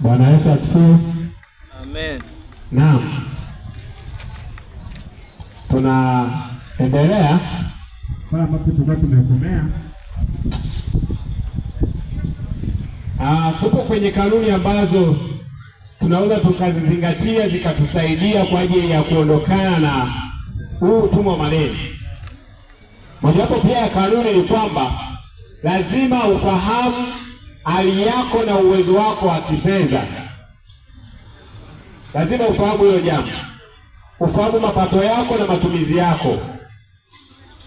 Bwana Yesu asifiwe. Amen. Naam. Tunaendelea pale ambapo tulikuwa tumekomea. Ah, tupo kwenye kanuni ambazo tunaweza tukazizingatia zikatusaidia kwa ajili ya kuondokana na huu utumwa wa maneno. Mojawapo pia ya kanuni ni kwamba lazima ufahamu hali yako na uwezo wako wa kifedha. Lazima ufahamu hiyo jambo, ufahamu mapato yako na matumizi yako,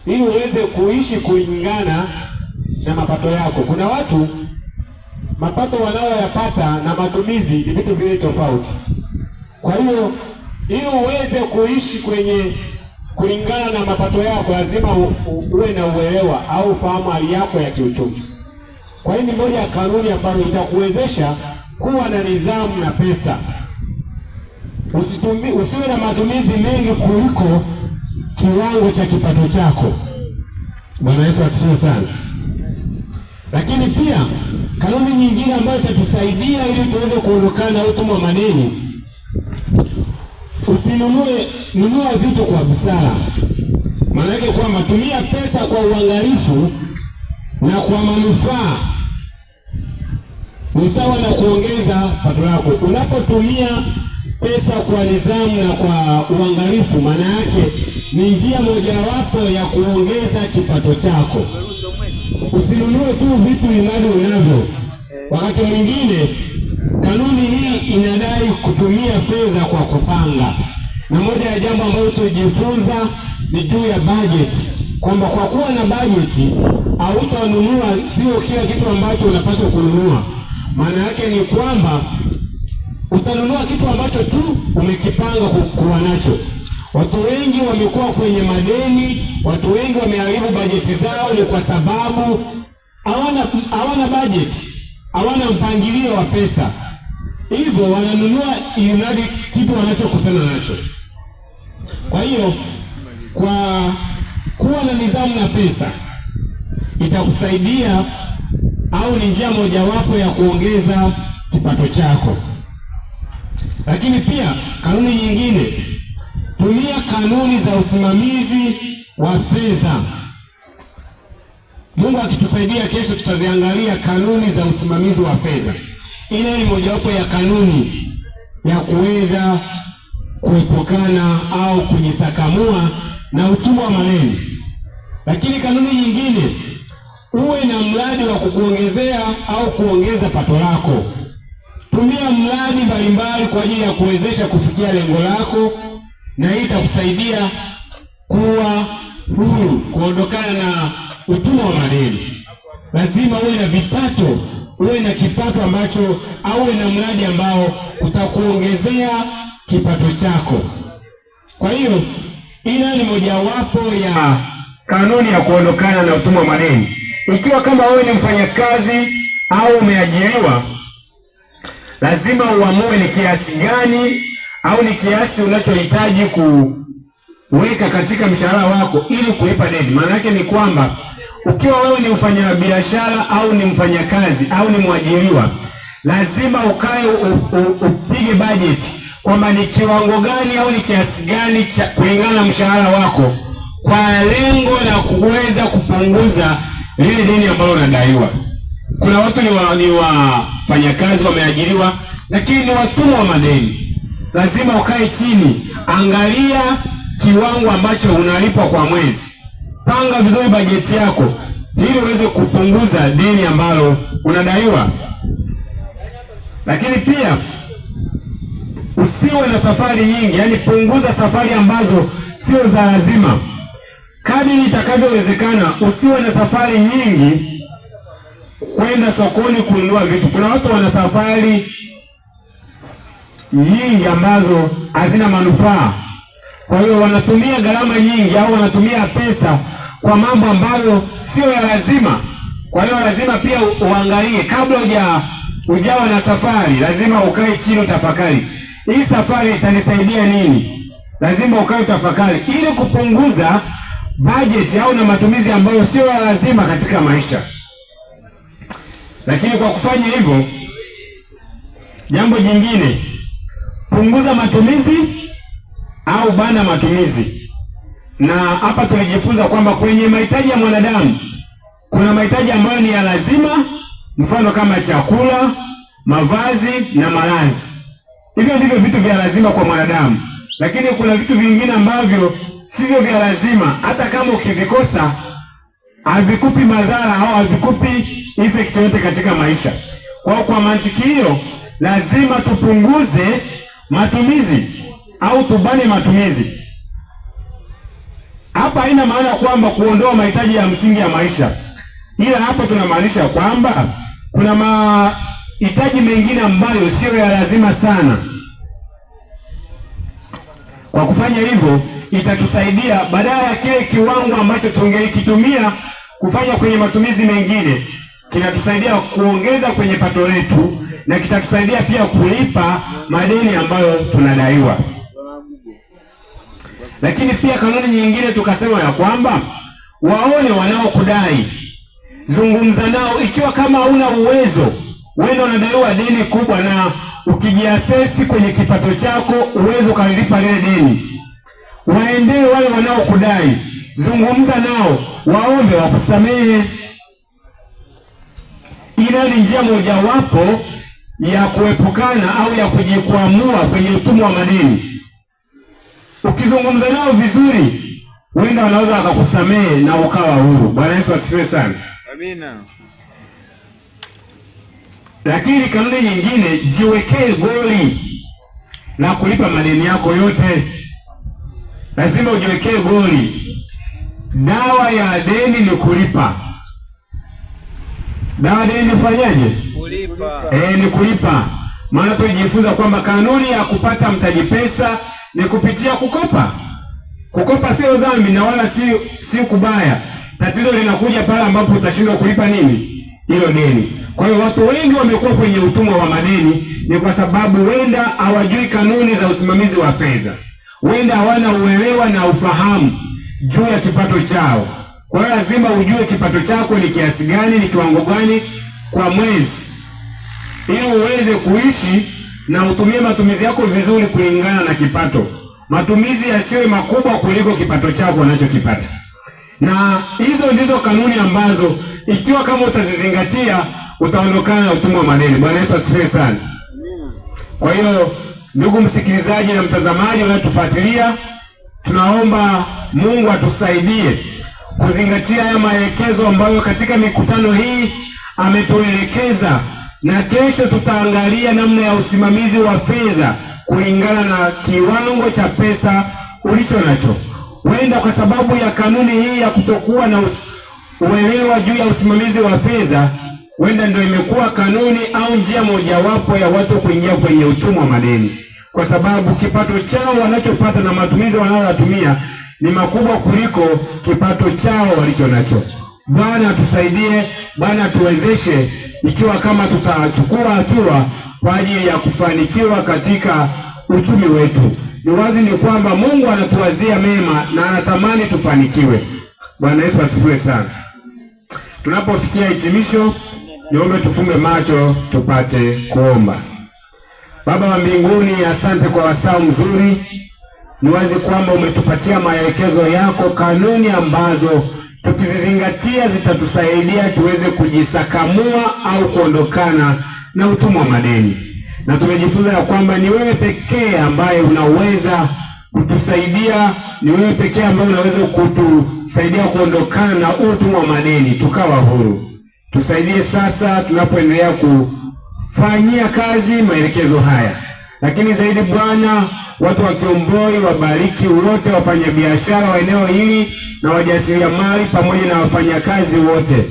ili uweze kuishi kulingana na mapato yako. Kuna watu mapato wanayoyapata na matumizi ni vitu vile tofauti. Kwa hiyo ili uweze kuishi kwenye kulingana na mapato yako, lazima uwe na uelewa au ufahamu hali yako ya kiuchumi. Kwa hiyo ni moja ya kanuni ambazo itakuwezesha kuwa na nidhamu na pesa. usitumie usiwe na matumizi mengi kuliko kiwango cha kipato chako. Bwana Yesu asifiwe sana. Lakini pia kanuni nyingine ambayo itatusaidia ili tuweze kuondokana utumwa maneno, usinunue, nunua vitu kwa busara. Maana yake kwamba tumia pesa kwa uangalifu na kwa manufaa ni sawa na kuongeza pato lako. Unapotumia pesa kwa nidhamu na kwa uangalifu, maana yake ni njia mojawapo ya kuongeza kipato chako. Usinunue tu vitu vinavyo unavyo. Wakati mwingine kanuni hii inadai kutumia fedha kwa kupanga, na moja ya jambo ambayo tujifunza ni juu ya bajeti, kwamba kwa kuwa na bajeti hautanunua sio kila kitu ambacho unapaswa kununua. Maana yake ni kwamba utanunua kitu ambacho tu umekipanga kuwa nacho. Watu wengi wamekuwa kwenye madeni, watu wengi wameharibu bajeti zao, ni kwa sababu hawana hawana bajeti, hawana mpangilio wa pesa, hivyo wananunua ili kitu wanachokutana nacho. Kwa hiyo kwa kuwa na nidhamu na pesa itakusaidia au ni njia mojawapo ya kuongeza kipato chako. Lakini pia kanuni nyingine, tumia kanuni za usimamizi wa fedha. Mungu akitusaidia, kesho tutaziangalia kanuni za usimamizi wa fedha. Ile ni mojawapo ya kanuni ya kuweza kuepukana au kujisakamua na utumwa wa maneno. Lakini kanuni nyingine uwe na mradi wa kukuongezea au kuongeza pato lako. Tumia mradi mbalimbali kwa ajili ya kuwezesha kufikia lengo lako, na hii itakusaidia kuwa huru, kuondokana na utumwa wa madeni. Lazima uwe na vipato, uwe na kipato ambacho au uwe na mradi ambao utakuongezea kipato chako. Kwa hiyo, ina ni mojawapo ya kanuni ya kuondokana na utumwa wa madeni. Ukiwa kama wewe ni mfanyakazi au umeajiriwa, lazima uamue ni kiasi gani au ni kiasi unachohitaji kuweka katika mshahara wako ili kulipa deni. Maana yake ni kwamba ukiwa wewe ni mfanyabiashara au ni mfanyakazi au ni mwajiriwa, lazima ukae upige bajeti kwamba ni kiwango gani au ni kiasi gani cha kulingana na mshahara wako, kwa lengo la kuweza kupunguza lile deni ambalo unadaiwa. Kuna watu ni wafanyakazi wa wameajiriwa, lakini ni watumwa wa madeni. Lazima ukae chini, angalia kiwango ambacho unalipwa kwa mwezi, panga vizuri bajeti yako ili uweze kupunguza deni ambalo unadaiwa. Lakini pia usiwe na safari nyingi, yaani punguza safari ambazo sio za lazima kadiri itakavyowezekana, usiwe na safari nyingi kwenda sokoni kununua vitu. Kuna watu wana safari nyingi ambazo hazina manufaa, kwa hiyo wanatumia gharama nyingi au wanatumia pesa kwa mambo ambayo sio ya lazima. Kwa hiyo lazima pia uangalie kabla uja ujawa na safari, lazima ukae chini utafakari, hii safari itanisaidia nini? Lazima ukae utafakari ili kupunguza bajeti au na matumizi ambayo sio ya lazima katika maisha. Lakini kwa kufanya hivyo, jambo jingine, punguza matumizi au bana matumizi. Na hapa tunajifunza kwamba kwenye mahitaji ya mwanadamu kuna mahitaji ambayo ni ya lazima, mfano kama chakula, mavazi na malazi. Hivyo ndivyo vitu vya lazima kwa mwanadamu, lakini kuna vitu vingine ambavyo sivyo vya lazima, hata kama ukivikosa havikupi madhara au havikupi effect yote katika maisha. Kwa kwa mantiki hiyo, lazima tupunguze matumizi au tubane matumizi. Hapa haina maana kwamba kuondoa mahitaji ya msingi ya maisha, ila hapa tunamaanisha kwamba kuna mahitaji mengine ambayo siyo ya lazima sana. Kwa kufanya hivyo itatusaidia badala ya kile kiwango ambacho tungekitumia kufanya kwenye matumizi mengine, kinatusaidia kuongeza kwenye pato letu na kitatusaidia pia kulipa madeni ambayo tunadaiwa. Lakini pia kanuni nyingine tukasema ya kwamba waone wanaokudai, zungumza nao. Ikiwa kama una uwezo, wewe unadaiwa deni kubwa, na ukijiasesi kwenye kipato chako, uwezo ukalipa lile deni waendee wale wanaokudai, zungumza nao, waombe wakusamehe. Ila ni njia mojawapo ya kuepukana au ya kujikwamua kwenye utumwa wa madeni. Ukizungumza nao vizuri, wenda wanaweza wakakusamehe na ukawa huru. Bwana Yesu asifiwe sana, amina. Lakini kanuni nyingine, jiwekee goli na kulipa madeni yako yote lazima ujiwekee goli. Dawa ya deni ni kulipa. Dawa deni nifanyaje? Kulipa. Eh, ni kulipa. Maana tujifunza kwamba kanuni ya kupata mtaji pesa ni kupitia kukopa. Kukopa sio dhambi na wala si si kubaya. Tatizo linakuja pale ambapo utashindwa kulipa nini hilo deni. Kwa hiyo watu wengi wamekuwa kwenye utumwa wa madeni, ni kwa sababu wenda hawajui kanuni za usimamizi wa fedha huenda hawana uelewa na ufahamu juu ya kipato chao. Kwa hiyo lazima ujue kipato chako ni kiasi gani, ni kiwango gani kwa mwezi, ili uweze kuishi na utumie matumizi yako vizuri kulingana na kipato. Matumizi yasiwe makubwa kuliko kipato chako unachokipata. Na hizo ndizo kanuni ambazo ikiwa kama utazizingatia utaondokana na utumwa wa madeni. Bwana Yesu asifiwe sana. Kwa hiyo Ndugu msikilizaji na mtazamaji unayetufuatilia, tunaomba Mungu atusaidie kuzingatia haya maelekezo ambayo katika mikutano hii ametuelekeza, na kesho tutaangalia namna ya usimamizi wa fedha kulingana na kiwango cha pesa ulicho nacho. Huenda kwa sababu ya kanuni hii ya kutokuwa na uelewa juu ya usimamizi wa fedha Wenda ndio imekuwa kanuni au njia mojawapo ya watu kuingia kwenye uchumi wa madeni, kwa sababu kipato chao wanachopata na matumizi wanayoyatumia ni makubwa kuliko kipato chao walicho nacho. Bwana atusaidie, Bwana atuwezeshe, ikiwa kama tutachukua hatua kwa ajili ya kufanikiwa katika uchumi wetu. Ni wazi ni kwamba Mungu anatuwazia mema na anatamani tufanikiwe. Bwana Yesu asifiwe sana. Tunapofikia hitimisho niombe tufunge macho tupate kuomba. Baba wa mbinguni, asante kwa wasaa mzuri. Ni wazi kwamba umetupatia maelekezo yako, kanuni ambazo tukizizingatia zitatusaidia tuweze kujisakamua au kuondokana na utumwa wa madeni, na tumejifunza ya kwamba ni wewe pekee ambaye unaweza kutusaidia, ni wewe pekee ambaye unaweza kutusaidia kuondokana na utumwa wa madeni tukawa huru tusaidie sasa tunapoendelea kufanyia kazi maelekezo haya, lakini zaidi Bwana, watu wa Kiomboi wabariki wote wafanyabiashara wa eneo hili na wajasiriamali pamoja na wafanyakazi wote,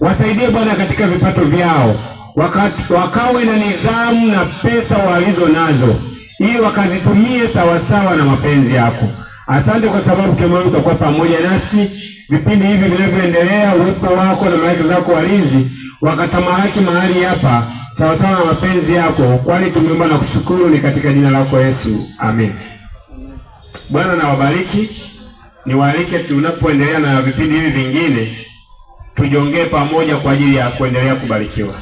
wasaidie Bwana katika vipato vyao, wakati wakawe na nidhamu na pesa walizo nazo, ili wakazitumie sawasawa na mapenzi yako. Asante kwa sababu kama wewe utakuwa pamoja nasi vipindi hivi vinavyoendelea. Uwepo wako na malaika zako walinzi wakatamalaki mahali hapa sawasawa na mapenzi yako, kwani tumeomba na kushukuru ni katika jina lako Yesu, amen. Bwana na wabariki, niwaalike tunapoendelea na vipindi hivi vingine, tujongee pamoja kwa ajili ya kuendelea kubarikiwa.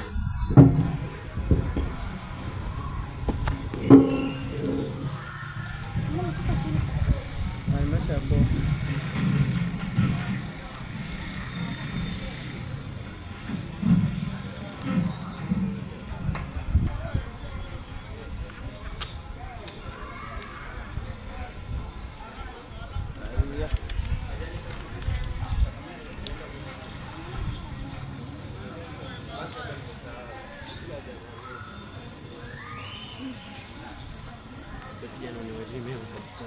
régime na niwazime kabisa.